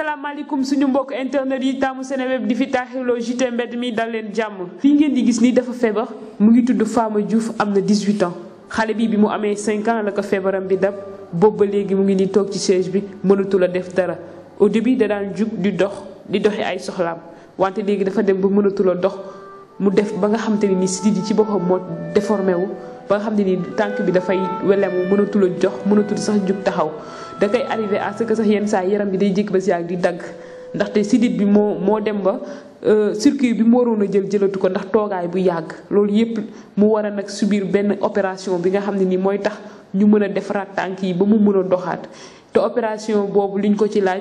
asalaamaaleykum suñu mbokk internet yi taamu Seneweb di fi taaxirloo JT mbedd mi dal leen jàmm fii ngeen di gis ni dafa feebar mu ngi tudd Fama Diouf am na 18 ans xale bi bi mu amee 5 ans la ko feebaram bi dab boobu ba léegi mu ngi ni toog ci siège bi mënatul a def dara au début da daan jug di dox di doxi ay soxlaam wante léegi dafa dem ba mënatul a dox mu def ba nga xam te ne ni sidit yi ci boppam moo déformé wu ba nga xam ne ni tànk bi dafay welemu mënatul a jox mënatul sax jug taxaw da koy arrivé à ce que sax yenn saa yaram bi day jékki ba si ak di dagg ndaxte sidit bi moo moo dem ba euh, circuit bi mu waroon a jël jëlatu ko ndax toogaay bu yàgg loolu yépp mu war a nag subir benn opération bi nga xam ne nii mooy tax ñu mën a defaraat tànk yi ba mu mën a doxaat te opération boobu liñ ko ci laaj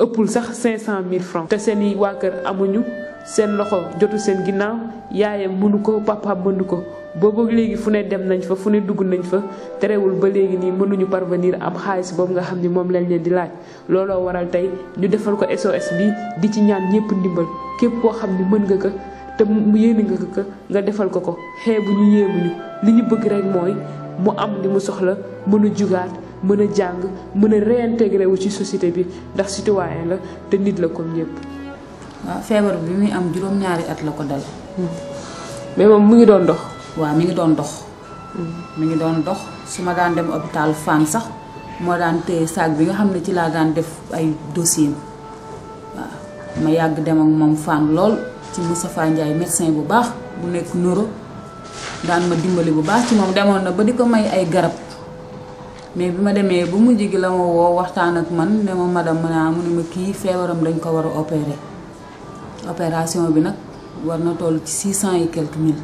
ëppul sax cinq 500000 francs te seen i waa kër amuñu seen loxo jotu seen ginnaaw yaayam mënu ko papa mënu ko boobu léegi fu ne dem nañ fa fu ne dugg nañ fa terewul ba léegi nii mënuñu parvenir am xaalis boobu nga xam ni moom lañ leen di laaj looloo waral tey ñu defal ko SOS bi di ci ñaan ñépp ndimbal képp koo xam ni mën nga ko te mu yéene nga ko nga defal ko ko xeebuñu yéemuñu li ñu bëgg rekk mooy mu am li mu soxla mën a jugaat mën a jàng mën a réintégré wu ci société bi ndax citoyen la te nit la comme ñëpp waaw feebar bi muy am juróom ñaari at la ko dal hmm. mais moom mu ngi doon dox waaw mi ngi doon dox hmm. mi ngi doon dox su ma daan dem hôpital fan sax moo daan téye saag bi nga xam ne ci laa daan def ay dossier waaw ma yàgg dem ak moom fan lool ci Moustapha Ndiaye médecin bu baax bu nekk neuro daan ma dimbali bu baax ci moom demoon na ba di may ay garab mais bi ma demee bu mujj gi la ma woo waxtaan ak man ne ma madame mu naa ah, mu ne ma kii feebaram dañ ko war a opérer opération bi nag war na toll ci six cent et quelques mille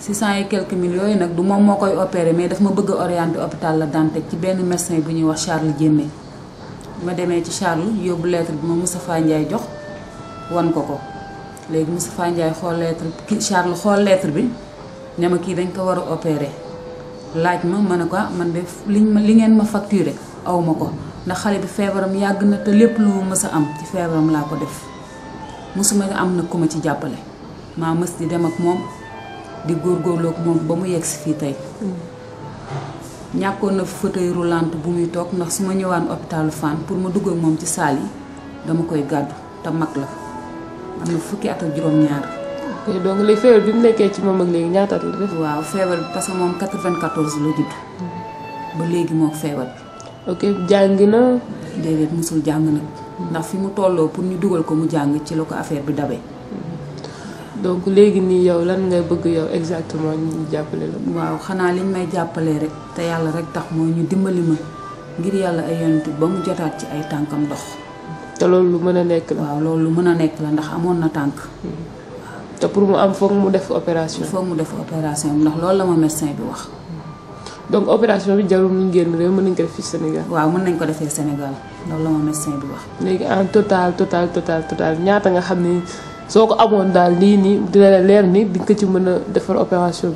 six cent et yooyu nag du moom moo koy opérer mais daf ma bëgg a orienter hôpital La Dantec ci benn médecin bu ñuy wax Charles Diémé ma demee ci Charles yóbbu lettre bi ma Moustapha Ndiaye jox wan ko ko léegi Moustapha Ndiaye xool lettre kii Charles xool lettre bi ne ma kii dañ ko war a opérer laaj ma mané ko ah, man de ma li ngeen ma facturer aw ma ko ndax xale bi fièvreum yag na te lépp lu ma sa am ci fièvreum la ko def musuma am na kuma ma ci jappalé ma mës di dem ak mom di gor ak mom ba mu yegg fi tay tey na fauteuil roulant bu muy tok ndax suma ñëwaan fan pour ma dugg ak moom ci salle yi dama koy gaddu ta mak la am na fukki at ak ñaar donc léegi bi mu nekkee ci moom ak léegi ñaata waaw feebar bi que moom 94 la judd. ba léegi moom feebar ok jàng na. déedéet mosul jàng nag. ndax fi mu tolloo pour ñu dugal ko mu jàng ci la affaire bi dabee. donc léegi nii yow lan ngay bëgg yow exactement ñu jàppale la. waaw xanaa liñ may jàppalee rek te yàlla rek tax mooy ñu dimbali ma ngir yàlla ay yontu ba mu jotaat ci ay tànkam ndox te loolu lu mën a nekk la. waaw loolu lu mën a nekk la ndax amoon na tànk. pour mu am de mu def opération. mu def opération ndax la l'opération. médecin donc l'opération bi jarul une guerre Sénégal. waaw Sénégal Donc médecin en total total total total ñaata nga xam ni soo ko amoon daal lii ni opération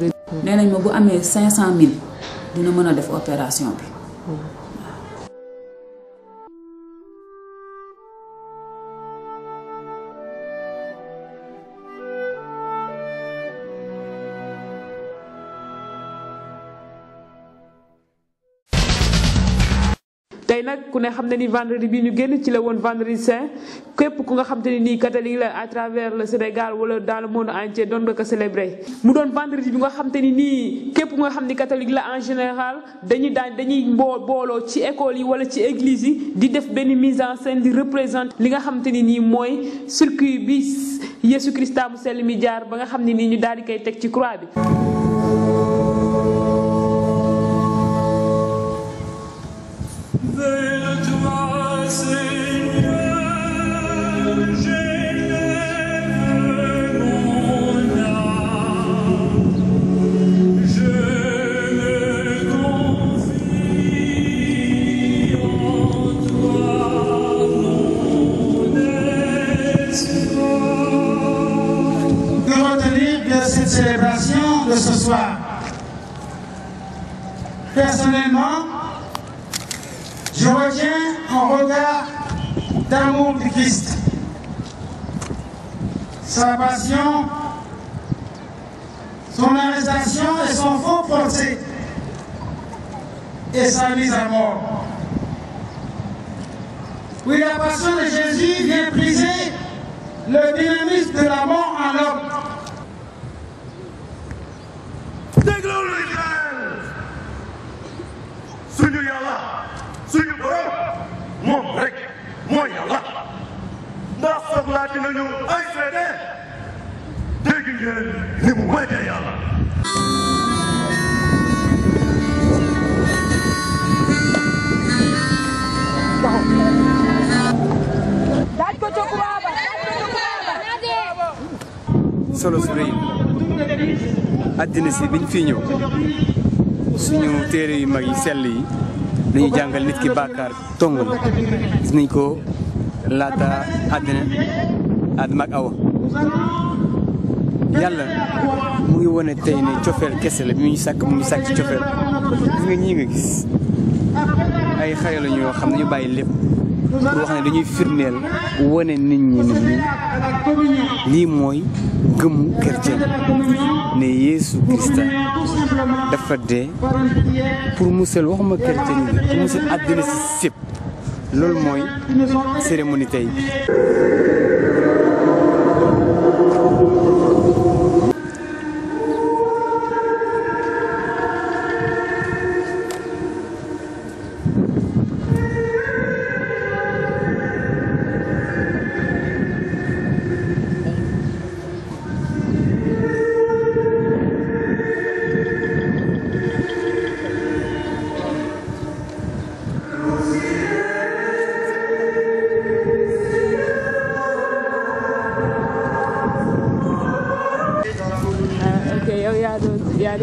tey nag ne xam ni vendredi bi ñu génn ci la woon vendredi saint képp ku nga xam te ni catholique la à travers le Sénégal wala dans le monde entier doon nga ko célébrer mu doon vendredi bi nga xam te ni nii képp nga xam ni catholique la en général dañuy dañ dañuy bolo ci école yi wala ci église yi di def benn mise en scène di représente li nga xam te ni nii mooy circuit bi Yesu Christa mu sell mi jaar ba nga xam ni ñu daal di koy teg ci croix bi they Je retiens un regard d'amour du Christ, sa passion, son arrestation et son faux procès, et sa mise à mort. Oui, la passion de Jésus vient briser le dynamisme de la mort en l'homme. solo su rëy addina si biñ fi ñëw suñu téere yu mag yi sell yi dañuy jàngal nit ki bàkkaar tong gis nañ ko. laata àddina aadama ak awa yàlla mu ngi wane tey ne cofeel kese la mu ngi sàkk mu ngi sàkk ci cofeel gis nga ñii nga gis ay xale ñoo xam ne ñu bàyyi lépp boo xam ne dañuy firndeel wone nit ñi ne nii mooy gëmu chrétien ne yéesu Krista dafa dee pour musal waxuma chrétien yi pour musal àddina si sépp loolu mooy cérémonie tey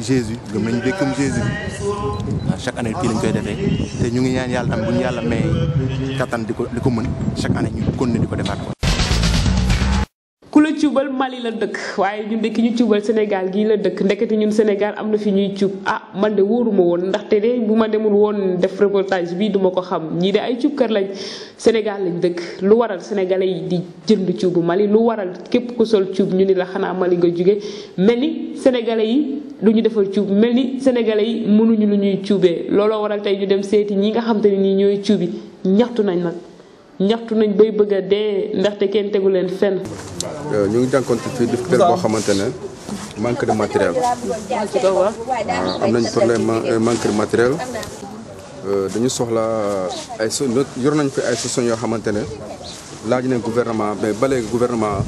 Jésus gëm nañu dee comme Jésus ah, chaque année fii lañ koy defee yàlla am yàlla may kattan di ko di ko mën chaque année ko defaat ko. ku la cuubal Mali la dëkk waaye ñun de ki ñu cuubal Sénégal gii la dëkk ndekete ñun Sénégal am na fi ñuy cuub ah man de wóoruma woon ndaxte de bu ma demul woon def reportage bi duma ko xam ñii de ay cuubkat lañ Sénégal lañ dëkk lu waral sénégalais yi di jënd cuubu Mali lu waral képp ku sol cuub ñu ni la xanaa Mali nga jóge mel ni yi lu ñu defal cuub mel ni sénégalais yi mënuñu lu ñuy cuubee looloo waral tey ñu dem seeti ñi nga xam ne nii ñooy cuubi ñaxtu nañ nag ñaxtu nañ bay bëgg a dee ndaxte kenn tegu leen fenn. Euh, ñu ngi jànkoonte fii def kër boo xamante ne manque de matériel. Euh, am nañ problème euh, manque de matériel. dañu soxla ay so yor nañ fi ay solution yoo xamante ne laaj nañ gouvernement mais ba léegi gouvernement.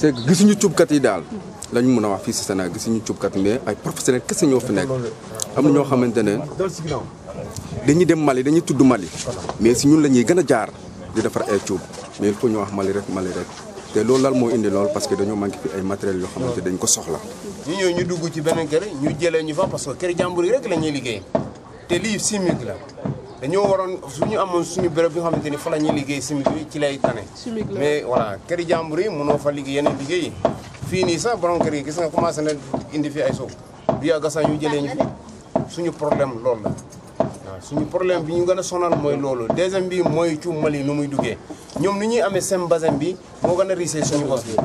c'est gisuñu cuubkat yi daal lañ mun a wax fii si sa Sénégal gisuñu cuubkat mais ay professionnels kese ñoo fi nekk am na ñoo xamante ne dañuy dem Mali dañuy tudd Mali mais si ñun la ñuy gën a jaar di defar ay cuub mais il faut ñu wax Mali rek Mali rek te loolu daal moo indi lool parce que dañoo manqué fi ay matériels yoo xamante dañ ko soxla. ñu ñëw ñu dugg ci beneen kër ñu jëlee ñu fa parce que kër jàmbur yi rek la ñuy liggéey te lii 6000 la. dañoo waroon suñu amoon suñu béréb bi nga xamante ni fa la ñuy liggéey chimique bi ci lay tane. mais voilà kër yi jàmbur yi mënoo fa liggéey yeneen liggéey yi fii nii sax borom kër yi gis nga commencé na indi fi sax ñu jëlee ñu fi suñu problème loolu la. suñu problème bi ñu gën a sonal mooy loolu deuxième bi mooy cu Mali nu muy duggee ñoom ni ñuy amee seen basin bi moo gën a riche suñu bos bi.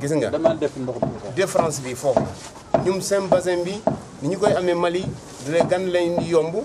gis nga différence bi foofu la ñoom seen basin bi ni ñu koy amee Mali di leen gan lañ yomb.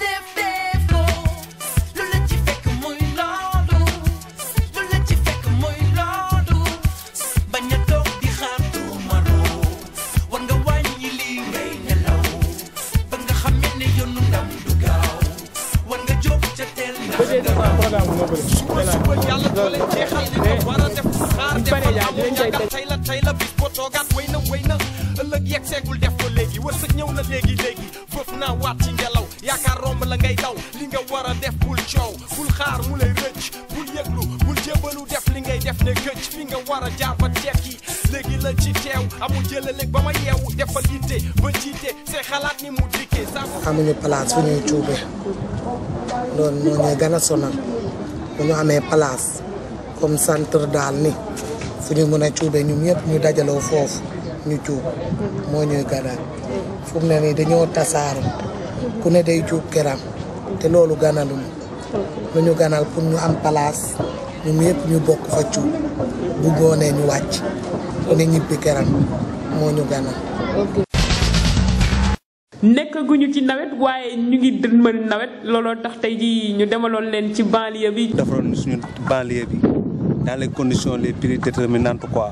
naa waat ci ngelaw yaakaar romb la ngay daw li nga war a def bul coow bul xaar mu lay rëcc bul yëglu bul jébalu def li ngay def ne gëcc fi nga war a jaar ba tekki léegi la ci teew amul jëlaleeg ba ma yeewu defal yitte ba jiite say xalaat ni mu dikkee sax. amuñu place fu ñuy cuube loolu moo ñuy gën a ñu amee palaas comme centre daal ni fu ñu mën a cuube ñun ñëpp ñu dajaloo foofu. ñu cuub moo ñuy ganaar fu mu ne dañoo tasaaru ku ne day cuub keram te loolu ganalul lu ñu ganal pour ñu am place ñu ñëpp ñu bokk fa cuub bu ñu wàcc ku ne ñibbi këram moo ñu ganal nekkaguñu ci nawet waaye ñu ngi dënmal nawet looloo tax tey jii ñu demaloon leen ci banlieue bi. defaroon suñu banlieue bi daal les condition les plus déterminantes quoi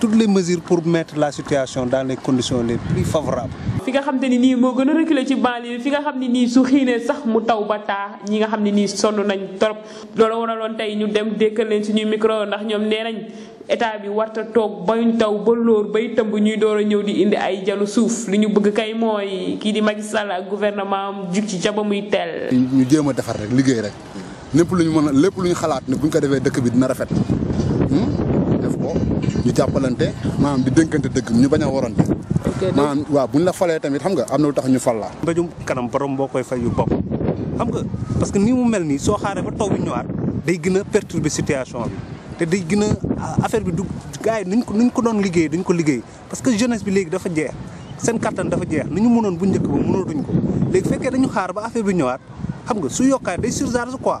toutes les mesures pour mettre la situation dans les conditions les plus favorables. fi nga xam ni mo gëna gën reculé ci banlieue fi nga xam ni su xiinee sax mu taw ba ñi nga xam ni nii nañ torop loolu waraloon tay ñu dem dékkal leen ci ñu micro ndax ñom nee état bi warta tok bañ taw ba lor bay tëmb ñuy doora ñew di indi ay jalu suuf li ñu bëgg kay moy ki di Macky Sall ak gouvernement am juk ci ca muy tel ñu jéem a rek liggéey rek lépp lu ñu mën a lu ñu xalaat ne buñ ko défé dëkk bi dina rafet hmm def ko. ñu jàppalante maanaam di dënkante dëgg ñu bañ a warante maanaam waaw buñ la falee tamit xam nga am na lu tax ñu fal la mbéjum kanam borom boo koy fay yu bopp xam nga parce que ni mu mel nii soo xaaree ba taw bi ñëwaat day gën a perturber situation bi te day gën a affaire bi dugg gars yi nuñ ko nuñ ko doon liggéey duñ ko liggéey parce que jeunesse bi léegi dafa jeex seen kattan dafa jeex ni ñu mënoon bu njëkk ba mënootuñ ko léegi fekkee dañu xaar ba affaire bi ñëwaat xam nga su yokkaay day surcharge quoi